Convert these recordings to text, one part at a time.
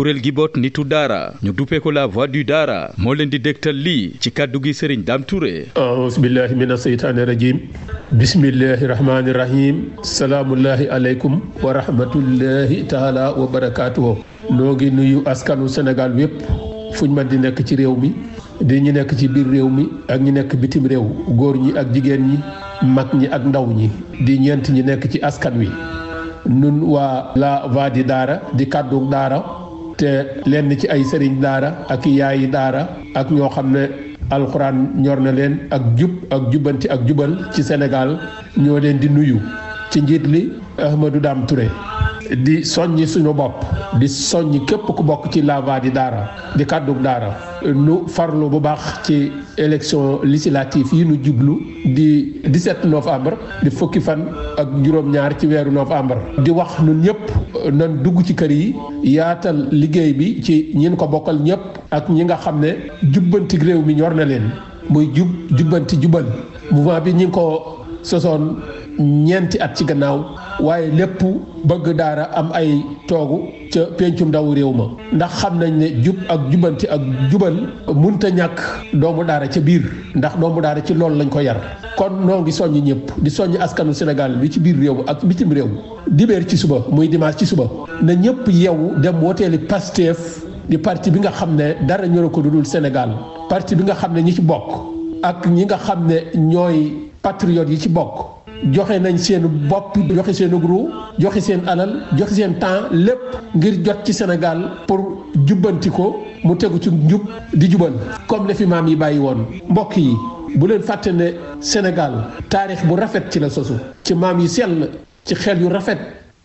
kuréel gi boot nitu daara ñu duppee la voix du daara moo leen di lii ci kàddu gi sëriñ Dame Touré aousbillahi min aseytaani rajim bismillahi rahmani rahim salaamullahi aleykum wa rahmatullahi taala wa barakaatuhu noo ngi nuyu askanu senegal yépp fuñ man di nekk ci réew mi di ñu nekk ci biir réew mi ak ñi nekk bitim réew góor ñi ak jigéen ñi mag ñi ak ndaw ñi di ñeent ñi nekk ci askan wi nun waa la va di daara di kàddu daara te lenn ci ay sëriñ daara ak yaayi daara ak ñoo xam ne alxuraan ñor na leen ak jub ak jubanti ak jubal ci senegal ñoo leen di nuyu ci njiit li Ahmadou Dame Touré di soññi suñu bopp di soññ képp ku bokk ci lava di daara di kàddug daara nu farlu bu baax ci élection législative yi nu jublu di 17 novembre di fukki fan ak juróom-ñaar ci weeru novembre di wax nun ñëpp nan dugg ci kër yi yaatal liggéey bi ci ñin ko bokkal ñëpp ak ñi nga xam ne jubbanti réew mi ñor na leen muy jub jubbanti jubal mouvement bi ñi ngi ko sosoon ñeenti at ci gannaaw waaye lépp bëgg daara am ay toogu ca pencum ndawu réew ma ndax xam nañ ne jub ak jubanti ak jubal munta ñàkk doomu daara ca biir ndax doomu daara ci loolu lañ ko yar kon noo ngi soññ ñëpp di soññ askanu Sénégal bi ci biir réew ak bitim réew dibéer ci suba muy dimanche ci suba na ñëpp yeewu dem woteeli Pastef di parti bi nga xam ne dara ñoro ko dudul Sénégal parti bi nga xam ne ñi ci bokk ak ñi nga xam ne ñooy patriotes yi ci bokk joxe nañ seen bopp joxe seen groupe joxe seen alal joxe seen temps lépp ngir jot ci Sénégal pour jubbanti ko mu tegu ci njub di jubal comme lefi maam yi bàyyi woon mbokk yi bu leen fàtte ne Sénégal taarix bu rafet ci la sosu ci maam yi sell ci xel yu rafet.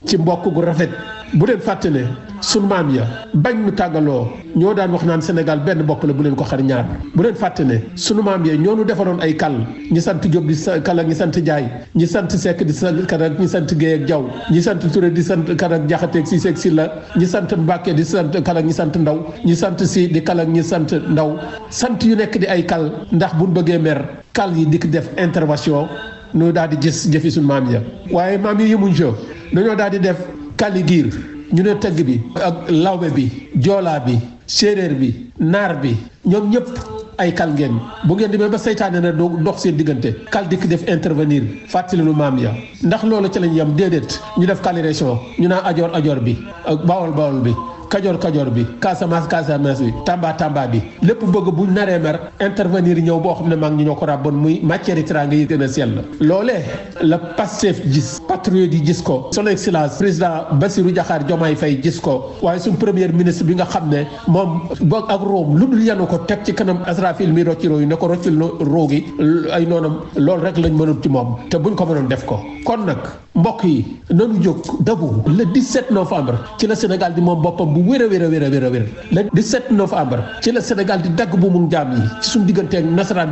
ci mbokk gu rafet bu leen fàtte ne sunu maam ya bañ nu tàggaloo ñoo daan wax naan Sénégal benn bopp la bu leen ko xar ñaar bu leen fàtte ne sunu maam ya ñoo nu defaroon ay kal ñi sant Diop di kal ak ñi sant Jaay ñi sant sekk di sant kan ak sant Guèye ak Jaw ñi sant Touré di sant kan ak si ak si la Silla ñi sant Mbàkke di sant kal ak ñi sant Ndaw ñi sant Si di kal ak ñi sant Ndaw sant yu nekk di ay kal ndax buñ bëggee mer kal yi dikk def intervention ñu daal di gis jëfi maam ya waaye maam yi yemuñ ca dañoo daal di def kaligiir ñu ne tëgg bi ak lawbe bi joolaa bi séeréer bi naar bi ñoom ñëpp ay kal ngeen bu ngeen demee ba seytaane na doo dox seen diggante kal dikk def intervenir fàttali lu maam ya ndax loolu ca lañ yam déedéet ñu def calibration ñu naan ajoor ajoor bi ak bawol bawol bi kajoor kajoor bi Casamance Casamance bi Tamba Tamba bi lépp bëgg bu naree mer intervenir ñëw boo xam ne mag ñi ñoo ko ràbboon muy matière teraanga yi gën a sell loolee la Pastef gis patriote yi gis ko son excellence président Bassirou Diakhar Diomaye Faye gis ko waaye su premier ministre bi nga xam ne moom boog ak room lu dul yanu ko teg ci kanam Asrafil mi rocci roo yi ne ko roccil roo gi ay noonam loolu rek lañ mënut ci moom te buñ ko mënoon def ko kon nag mbokk yi nanu bu wér a wér a wér a wér a wér le bi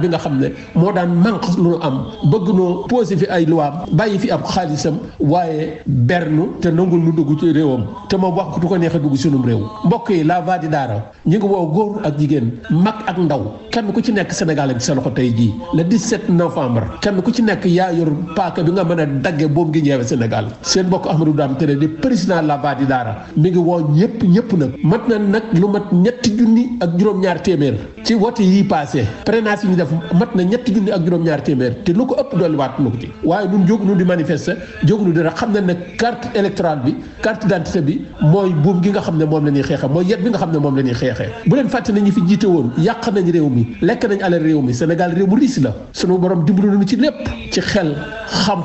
nga xam ne moo daan manque am bëgg noo posé fi ay luwaam bàyyi fi ab xaalisam waaye bernu te nangul nu dugg ci réewam te moom wax du ko neexee dugg sunum réew mbokk yi la va di daara ñu ngi woo góor ak jigéen mag ak ndaw kenn ku ci nekk Sénégal ak sa loxo tey jii le 17 novembre kenn ku ci nekk yaa yor paaka bi nga mën a dagge boobu ngi ñeewe Sénégal seen mbokk Ahmadou Dame Télé di président la va di daara mi ngi woo ñëpp yëpp nag mat na nag lu mat ñetti junni ak juróom-ñaar téeméer ci wote yi passé parrainage yi ñu def mat na ñetti junni ak juróom-ñaar téeméer te lu ko ëpp dolli waat nu ko ci waaye ñun jóg nu di manifester jóg nu dara xam ne nag carte électorale bi carte d'identité bi mooy buum gi nga xam ne moom la ñuy xeexee mooy yet bi nga xam ne moom lañuy ñuy xeexee bu leen fàtte nañu fi jiite woon yàq nañ réew mi lekk nañ alal réew mi Sénégal réew mu riis la sunu borom dimbali nañu ci lépp ci xel xam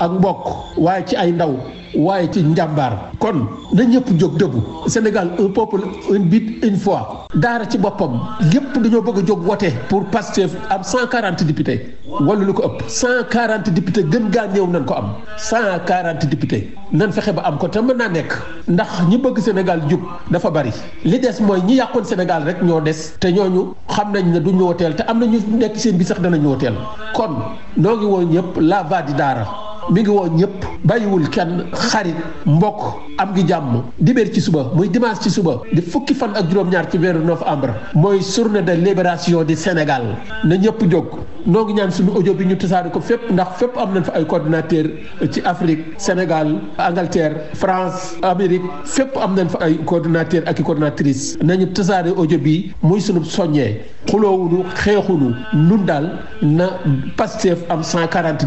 ak mbokk waaye ci ay ndaw waaye ci njàmbaar kon na ñëpp jóg dëggu Sénégal un peuple un but une foi daara ci boppam lépp dañoo bëgg a jóg wote pour Pastef am 140 députés wala lu ko ëpp 140 députés gën gaa néew nañ ko am 140 députés nan fexe ba am ko te mën naa nekk ndax ñi bëgg Sénégal jub dafa bari li des mooy ñi yàqoon Sénégal rek ñoo des te ñooñu xam nañ ne du ñëwateel te am na ñu nekk seen bi sax dana ñëwateel kon noo ngi woo ñëpp la va di daara. mi ngi woo ñëpp bàyyiwul kenn xarit mbokk am ngi jàmm dibéer ci suba muy dimanche ci suba di fukki fan ak juróom-ñaar ci weeru novembre mooy journée de libération di Sénégal na ñëpp jóg noo ngi ñaan suñu audio bi ñu tasaare ko fépp ndax fépp am nañ fa ay coordinateur ci Afrique Sénégal Angleterre France Amérique fépp am nañ fa ay coordinateur ak i coordinatrice nañu tasaare audio bi muy sunu soññee xuloowunu xeexunu nun daal na Pastef am 140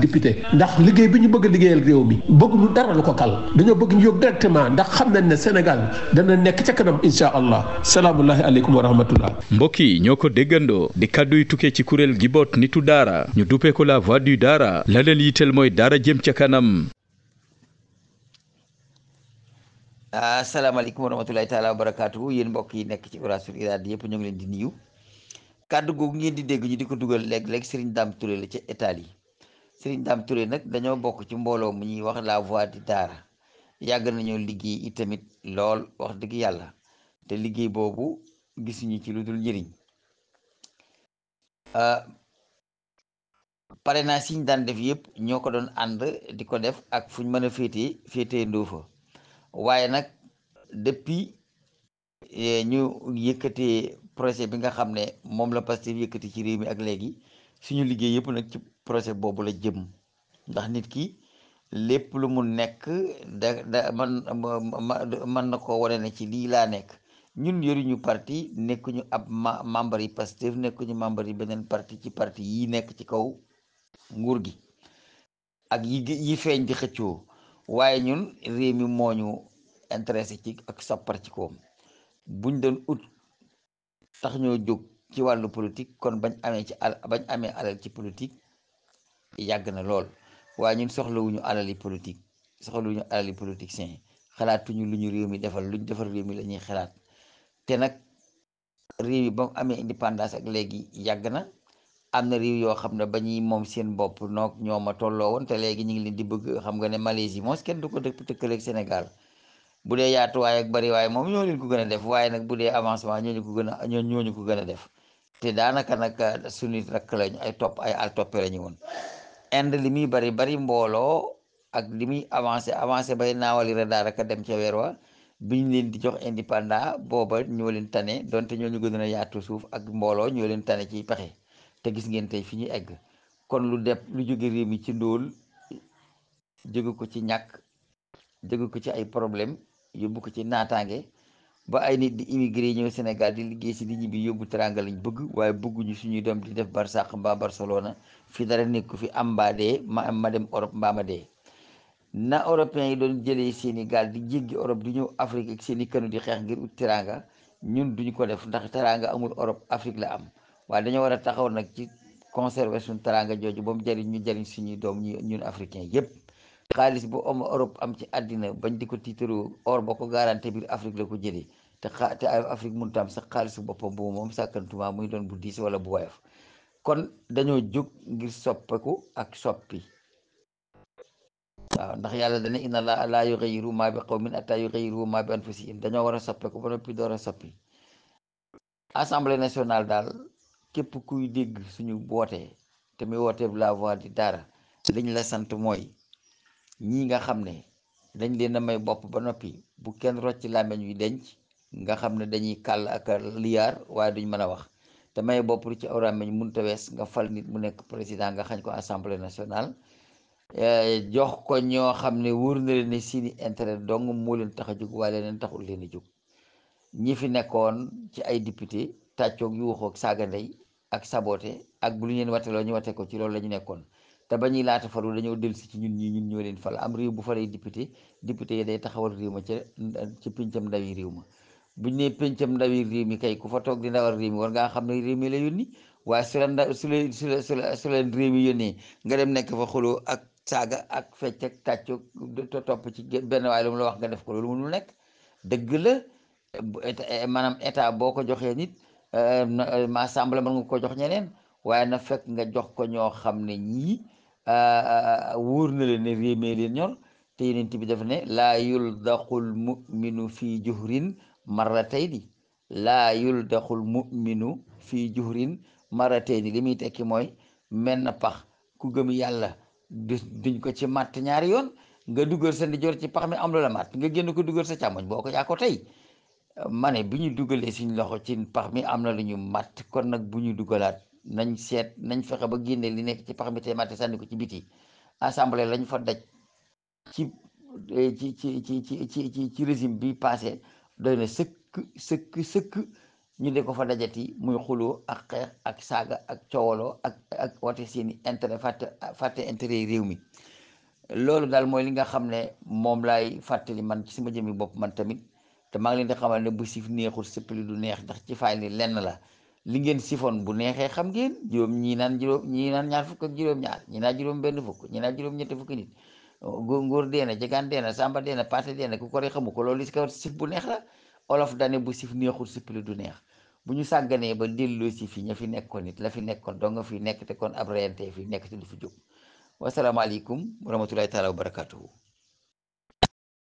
ndax bëgg liggéeyal réew mi bëgg lu dara lu ko kal dañoo bëgg ñu yóbbu directement ndax xam nañ ne senegal dana nekk ca kanam incha allah salaamullahi aleykum wa rahmatullah mbokk yi ñoo ko déggandoo di kàddu tukkee ci kuréel gi boot nitu daara ñu duppee ko la voix du daara la leen yitteel mooy daara jëm ca kanam asalaamaaleykum wa rahmatulahi taala wa barakaatu yéen yi nekk ci Uras-Fil Irada yëpp ngi leen di nuyu kàdd googu ngeen di dégg ñu di ko dugal léeg-léeg Serigne Dame Touré la ca Italie Serigne Dame Touré nag dañoo bokk ci mbooloo mu ñuy wax la voix du daara yàgg nañoo liggéey tamit lool wax dëgg yàlla te liggéey boobu gisuñu ci lu dul njëriñ ah, pare na ñu daan def yëpp ñoo ko doon ànd di ko def ak fu ñu mën a féetee féetee ndoo waaye nag depuis e, ñu yëkkatee projet bi nga xam ne moom la Pastef yëkkati ci réew mi ak léegi suñu liggéey yëpp nag ci projet boobu la jëm ndax nit ki lépp lu mu nekk da man na ko wane ne ci lii laa nekk ñun yoruñu parti nekkuñu ab membre yi Pastef nekkuñu membre yi beneen parti ci parti yi nekk ci kaw nguur gi ak yi yi feeñ di xëccoo waaye ñun réew mi moo ñu intéressé ci ak sappar ci koom buñ doon ut tax ñoo jóg ci wàllu politique kon bañ amee ci bañ amee alal ci politique yàgg na lool waaye ñun soxlawuñu alali politique soxlawuñu alali politicien yi xalaatuñu lu ñu réew mi defal lu defar defal réew mi la ñuy xalaat te nag réew yi ba mu amee indépendance ak léegi yàgg na am na réew yoo xam ne ba ñuy moom seen bopp noog ñoo ma tolloo woon te léegi ñu ngi leen di bëgg xam nga ne Malaisie moos kenn du ko dëkk tëkkaleeg Sénégal bu dee yaatuwaay ak bari waaye moom ñoo leen ko gën a def waaye nag bu dee avancement ñoo ñu ko gën a ñoo ñu ko gën a def te daanaka nag suñu rakk lañ ay topp ay al toppe la ñu woon Inde li muy bari bari mbooloo ak li muy avancé avancé bay naawali radar ak a dem ca weer wa biñ leen di jox indépendant booba ñoo leen tane donte ñoo ñu gënoon a yaatu suuf ak mbooloo ñoo leen tane ci pexe te gis ngeen tey fi ñu egg kon lu dep lu jóge réew mi ci ndóol jóge ko ci ñàkk jóge ko ci ay problème yóbbu ko ci naataange ba ay nit di immigré ñëw Sénégal di liggéey si di ñibbi yóbbu teranga lañ bëgg waaye bëgguñu suñuy doom di def barsàq mbaa Barcelona fii dara nekku fi am mbaa dee ma am ma dem Europe mbaa ma dee na européens yi doon jëlee seeni gaal di jéggi Europe di ñëw Afrique ak seeni kanu di xeex ngir ut teranga ñun duñ ko def ndax teranga amul Europe Afrique la am waaye dañoo war a taxaw nag ci conserver suñu teranga jooju ba mu jariñ ñu jariñ suñuy doom ñun africain yépp xaalis bu omo Europe am ci àddina bañ di ko tiitaroo or ba ko garanté biir Afrique la ko jëlee te xa te Afrique mënut am sax xaalisu boppam bu moom sàkkantuma muy doon bu diis wala bu woyof kon dañoo jóg ngir soppeku ak soppi waaw ndax yàlla dana inna laa laa yughayyiru maa bi qawmin hattaa yughayyiru maa bi anfusihim dañoo war a soppeku ba noppi door a soppi assemblée nationale daal képp kuy dégg suñu woote te muy woote la di dara liñ la sant mooy. ñii nga xam ne dañ leen a may bopp ba noppi bu kenn rocc làmmiñ wi denc nga xam ne dañuy kàll ak liyaar waaye duñ mën a wax te may bopp lu ci aw làmmiñ mënut wees nga fal nit mu nekk président nga xañ ko assemblée nationale eh, jox ko ñoo xam ne wóor na leen ne seeni intérêt dong moo leen tax a jóg waaye leneen taxul leen a jóg ñi fi nekkoon ci ay député tàccoog yuuxoog saaga ndey ak saboté ak bu lu ñeen wateloo ñu wate ko ci loolu la ñu nekkoon te ba ñuy laata falu dañoo dellu si ci ñun ñii ñun ñoo leen fal am réew bu falee député député yi day taxawal réew ma ca ci péncam ndawi réew ma buñ ne péncam ndawi réew mi kay ku fa toog di ndawal réew mi war ngaa xam ne réew mi la yónni waaye su la nda su la su la su la réew mi yónnee nga dem nekk fa xuloo ak saaga ak fecc ak tàccu topp ci benn waaye lu mu la wax nga def ko loolu mënul nekk dëgg la maanaam état boo ko joxee nit euh, euh, ma assemblée mën nga ko jox ñeneen waaye na fekk nga jox ko ñoo xam ne ñii ah, ah, wóor na leen ne réew mi leen ñor te yenent bi daf ne laa yuldaqul muminu fii juhrin marratayni laa yuldaqul muminu fii juhrin marratayni li muy tekki mooy menn pax ku gëm yàlla duñ ko ci matt ñaari yoon nga dugal sa ndijoor ci pax mi am lu la matt nga génn ko dugal sa càmmoñ boo ko yaa tey ma ne bi ñu dugalee suñ loxo ci pax mi am na lu ñu matt kon nag bu ñu dugalaat nañ seet nañ fexe ba génne li nekk ci pax mi te mate sànni ko ci biti assemblée lañu fa daj eh, ci ci ci ci ci ci ci régime bi passé doy na sëkk sëkk sëkk ñu de ko fa dajati muy xuloo ak xeex ak saaga ak coowaloo ak ak wate seeni intérêt fàtte fàtte intérêt yi réew mi loolu daal mooy li nga xam ne moom lay fàttali man ci sama jëmmi bopp man tamit te maa ngi leen di xamal ne bu sif neexul sëppali du neex ndax ci faay ni lenn la li ngeen sifoon bu neexee xam ngeen juróom ñii naan juróom ñii naan ñaar fukk ak juróom-ñaar ñii naan juróom benn fukk ñii naan juróom ñetti fukki nit ngóor deena jegaan deena samba deena paate deena ku ko re xamu ko loolu si kaw sif bu neex la olof dane bu sif neexul sippili du neex bu ñu sàgganee ba delloo si fi ña fi nekkoon nit la fi nekkoon dong nga fi nekk te kon ab reyante fi nekk te du fi jóg wasalaamaaleykum wa rahmatulahi taala wa barakatuhu